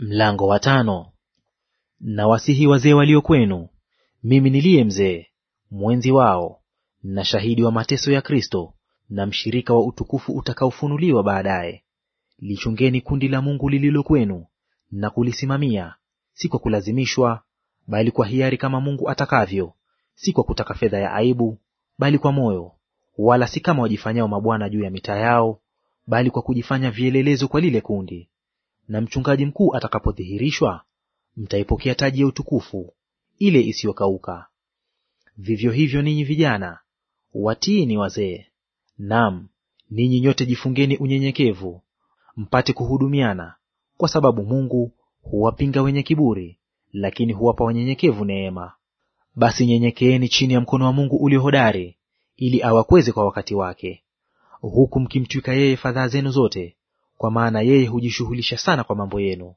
Mlango wa tano. Na wasihi wazee walio kwenu, mimi niliye mzee, mwenzi wao, na shahidi wa mateso ya Kristo, na mshirika wa utukufu utakaofunuliwa baadaye. Lichungeni kundi la Mungu lililo kwenu, na kulisimamia, si kwa kulazimishwa, bali kwa hiari, kama Mungu atakavyo; si kwa kutaka fedha ya aibu, bali kwa moyo; wala si kama wajifanyao mabwana juu ya mitaa yao, bali kwa kujifanya vielelezo kwa lile kundi na mchungaji mkuu atakapodhihirishwa, mtaipokea taji ya utukufu ile isiyokauka. Vivyo hivyo ninyi vijana watiini wazee. Naam, ninyi nyote jifungeni unyenyekevu, mpate kuhudumiana, kwa sababu Mungu huwapinga wenye kiburi, lakini huwapa wanyenyekevu neema. Basi nyenyekeeni chini ya mkono wa Mungu ulio hodari, ili awakweze kwa wakati wake, huku mkimtwika yeye fadhaa zenu zote kwa maana yeye hujishughulisha sana kwa mambo yenu.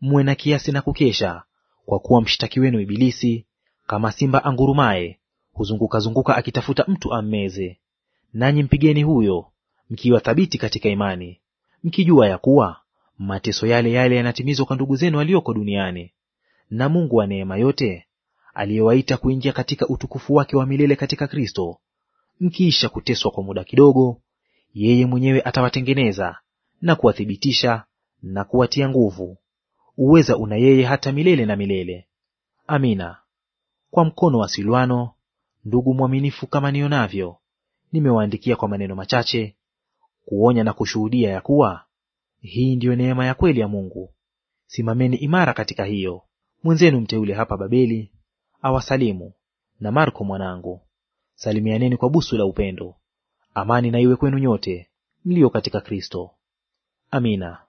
Mwe na kiasi na kukesha, kwa kuwa mshtaki wenu Ibilisi kama simba angurumaye huzungukazunguka akitafuta mtu ammeze. Nanyi mpigeni huyo, mkiwa thabiti katika imani, mkijua ya kuwa mateso yale yale yanatimizwa kwa ndugu zenu walioko duniani. Na Mungu wa neema yote aliyewaita kuingia katika utukufu wake wa milele katika Kristo, mkiisha kuteswa kwa muda kidogo, yeye mwenyewe atawatengeneza na kuwathibitisha na kuwatia nguvu. Uweza una yeye hata milele na milele. Amina. Kwa mkono wa Silwano ndugu mwaminifu, kama nionavyo, nimewaandikia kwa maneno machache, kuonya na kushuhudia ya kuwa hii ndiyo neema ya kweli ya Mungu. Simameni imara katika hiyo. Mwenzenu mteule hapa Babeli awasalimu na Marko mwanangu. Salimianeni kwa busu la upendo. Amani na iwe kwenu nyote mlio katika Kristo. أمينة